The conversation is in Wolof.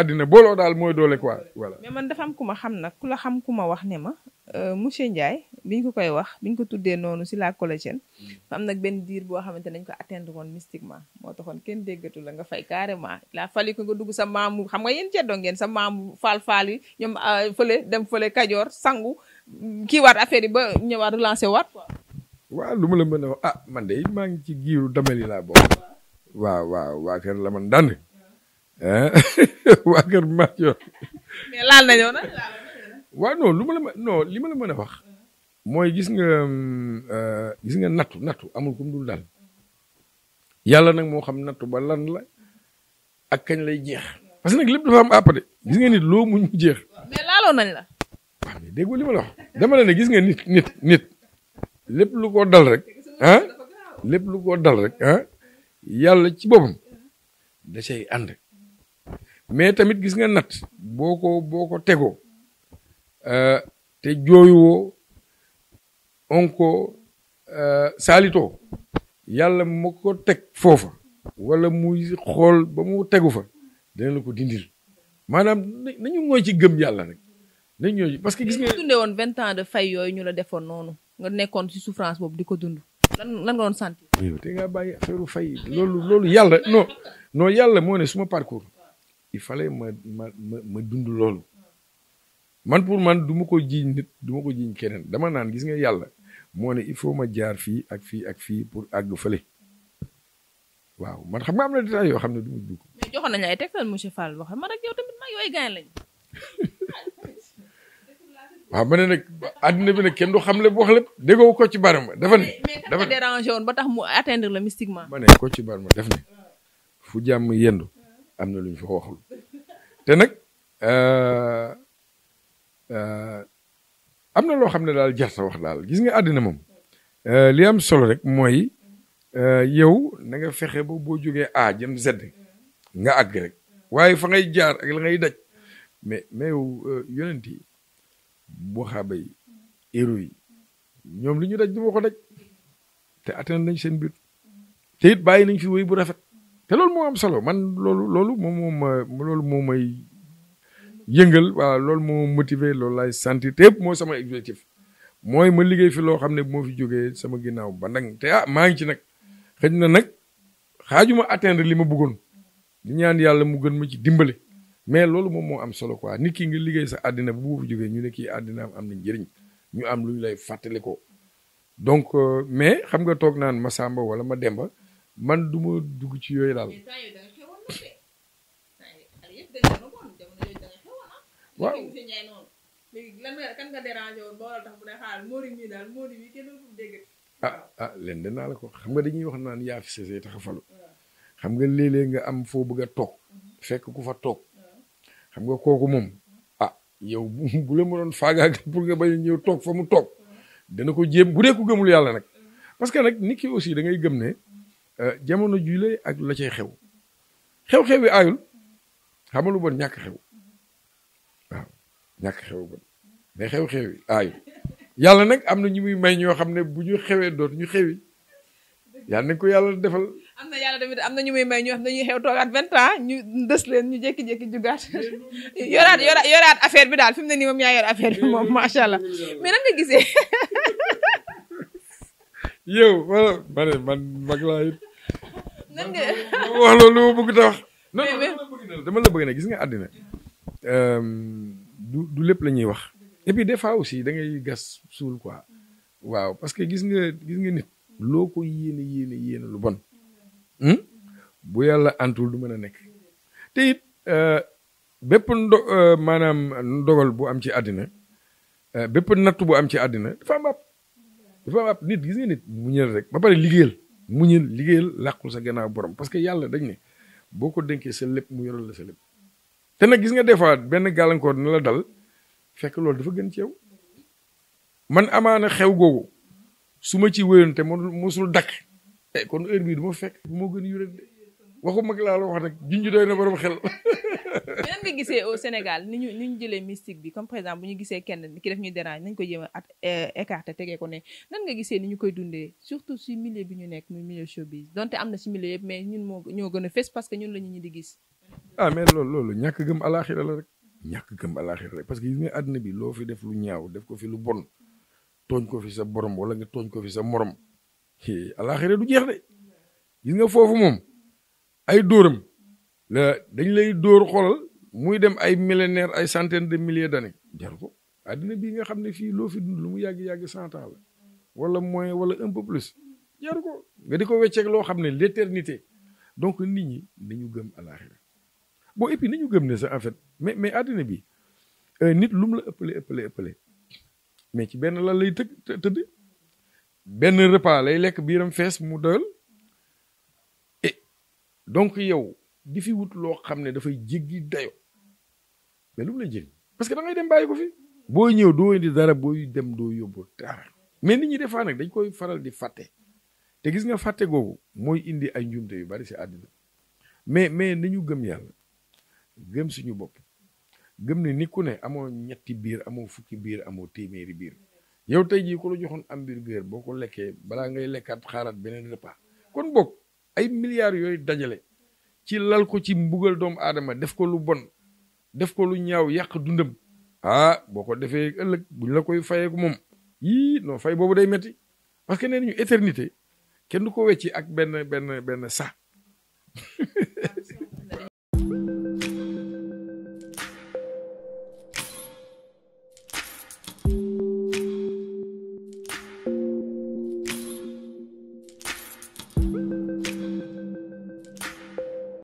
àddina booloo daal mooy doole quoi voilà. mais man dafa am ku ma xam nag ku la xam ku ma wax ne ma euh, monsieur Ndiaye biñ ko koy wax biñ ko tuddee noonu si la collagène am nag benn diir boo xamante nañ ko atteindre woon mystiquement moo taxoon kenn déggatu la nga fay carrément la fali ko nga dugg sa maamu xam nga yéen ceddoo ngeen sa maamu faal-faal yi ñoom euh, fële dem fële kajoor sangu kii waat affaire yi ba ñëwaat relancé waat quoi. waaw lu ma la mën a wax ah man de maa ngi ci giiru damel laa bokk. waaw waaw la man ah waa kër Madior. mais ah? la non mën a wax. mooy gis nga euh, gis nga nattu nattu amul kum dul dal yàlla nag moo xam nattu ba lan la ak kañ lay jeex parce que nag lépp dafa am app de gis nga nit loo mu jeex. mais laaloon nañ la. waaw mais déggoo la wax dama la ne gis nga nit nit nit lépp lu ko dal rek ah lépp lu ko dal ci boppam da cay ànd. mais tamit gis nga nat boo ko boo ko tegoo euh, te jooyuwoo on ko euh, saalitoo yàlla mu ko teg foofa wala muy xool ba mu tegu fa dana la ko dindil maanaam nañu mooy ci gëm yàlla rek nañ ñooy parce que gis nga. dundee woon vingt ans de fay yooyu ñu la defoon noonu nga nekkoon ci souffrance boobu di ko dund. lan lan doon sant. te nga bàyyi affaire fay loolu loolu yàlla non yàlla moo ne suma parcours. il fallait ma ma ma ma dund loolu man pour man du ma ko jiiñ nit du ma ko jiiñ keneen dama naan gis nga yàlla moo ne il faut ma jaar fii ak fii ak fii pour àgg fële waaw man xam nga am na détail yoo xam ne du ma dugg. mais wax man ak yow yooyu gaay lañ. waaw ma ne bi nag kenn du xam lépp wax lépp déggoo ko ci barama dafa ne. dafa dérangé woon ba tax mu atteindre la mystiquement. ma ne ko ci barama daf ne fu jàmm yendu. am na lu ñu fa waxul te nag euh, euh, am na loo xam ne daal jar sa wax daal gis nga àddina moom euh, li am solo rek mooy yow na fexe ba boo jógee A jëm Z nga àgg rek waaye fa ngay jaar ak la ngay daj mais ma yow yonent yi waxaaba yi héros yi ñoom lu ñu daj du ma ko daj te atteindre nañ seen biir te it bàyyi nañ fi wéy bu rafet. te loolu moo am solo man loolu loolu moom moo ma loolu moo may yëngal waaw loolu moo motiver loolu laay sentir te yëpp mooy sama objectif mooy ma liggéey fi loo xam ne moo fi jógee sama ginnaaw ba nag te ah maa ngi ci nag xëj na nag xaajuma atteindre li ma bëggoon di ñaan yàlla mu gën ma ci dimbale mais loolu moom moo am solo quoi nit ki nga liggéey sa àddina bu bu fi jógee ñu ne kii àddina am na njëriñ ñu am lu ñu lay fàttali ko donc euh, mais xam nga toog naan ma Samba wala ma Demba man du dugg ci yooyu daal. Ah. waaw. Ah, ah leen de naa la ko xam nga dañuy wax naan yaa fi sese tax a falu xam nga léeg-léeg nga am foo bëgg a toog mhm. fekk ku fa toog xam nga kooku moom mhm. ah yow bu la mënoon faagaagal pour nga bañ ñëw toog fa mu toog mhm. dana ko jéem bu dee ku gëmul yàlla nag parce que nag nit ki aussi da gëm ne. Euh, jamono jule ak la cay xew xew-xew yi aayul xamalu bon ñàkk xew waaw ñàkk xew bon mais xew-xew yi aayul yàlla nag am na ñu muy may ñoo xam ne bu ñu xewee doot ñu xewi yàlla nañ ko yàlla defal. am na yàlla tamit am na ñu muy may ñoo xam dañuy xew toogaat vingt ans ñu dës leen ñu jékki-jékki jugaat yoraat yoraat affaire bi daal fi ne nii moom yaa yor affaire bi moom macha allah mais nan nga mag laa it lan nga la bëgg ne gis nga àddina. Euh, du du lépp la ñuy wax. et puis des fois aussi da ngay gas suul quoi. waaw parce que gis nga gis nga nit. looko ko yéene yéene lu bon. Hmm? bu yàlla antul du mën a nekk. te it euh, bépp ndo euh, maanaam ndogal bu am ci àddina. bépp natt bu am ci àddina dafa am ab nit gis nga nit mu ñëw rek ba pare liggéeyal. mu muñal liggéeyal làqul sa gannaaw borom parce que yàlla dañ ne boo ko dénkee sa lépp mu yoral la sa lépp te nag gis nga des fois benn gàllankoor dina la dal fekk loolu dafa gën ci yow man amaana xew googu su ma ci wéyoon te mosul dakk eh kon heure bii du ma fekk bu moo gën yu yureel de waxuma laa la wax nag junj doy na borom xel ñeneen bi gisee au Sénégal ni ñu ni ñu jëlee mystique bi comme par exemple bu ñu gisee kenn ki def ñu dérange nañ ko jéem a euh, écarté tegee ko ne nan nga gisee ni ñu koy dundee surtout si milieu bi ñu nekk muy milieu showbiz donte am na si milieu yëpp mais ñun moo ñoo gën a fës parce que ñun la ñu ñu di gis. ah mais loolu loolu ñàkk gëm alaaxira la rek. ñàkk gëm alaaxira rek parce que gis nga àddina bi loo fi def lu ñaaw def ko fi lu bon tooñ ko fi sa borom wala nga tooñ ko fi sa morom alaaxira du jeex de gis nga foofu moom ay dóoram dañ lay dóor xolal muy dem ay millénaire ay centaine de milliers d'années jar ko àddina bii nga xam ne fii loo fi dund lu mu yàgg-yàgg cent la wala moins wala un peu plus jar ko nga di ko wecceeg loo xam ne l'éternité donc nit ñi nañu gëm àlaxira boo et puis ñu gëm ne sa en fait mais mais àddina bi euh, nit lu la ëppale ëppale ëppale mais ci benn la lay tëgg tëdd benn repas lay lekk bi biiram fees mu dël et donc yow di fi wut loo xam ne dafay jéggi dayo mais lu mu lay jëriñ parce que da dem bàyyi ko fi booy ñëw doo indi dara booy dem doo yóbbu dara mais nit ñi defaa nag dañ koy faral di fàtte te gis nga fàtte googu mooy indi ay njuumte yu bari si àddina mais mais nañu gëm yàlla gëm suñu bopp gëm ne ni ku ne amoo ñetti biir amoo fukki biir amoo téeméeri biir yow tey jii ku la joxoon hamburger boo ko lekkee balaa ngay lekkaat xaaraat beneen repas kon boog ay milliards yooyu dajale ci lal ko ci mbugal doomu aadama def ko lu bon def ko lu ñaaw yàq dundam ah boo ko defee ëllëg buñ la koy fayeeku moom yii noo fay boobu day metti parce que nee nañu éternité kenn du ko wecci ak benn benn benn sa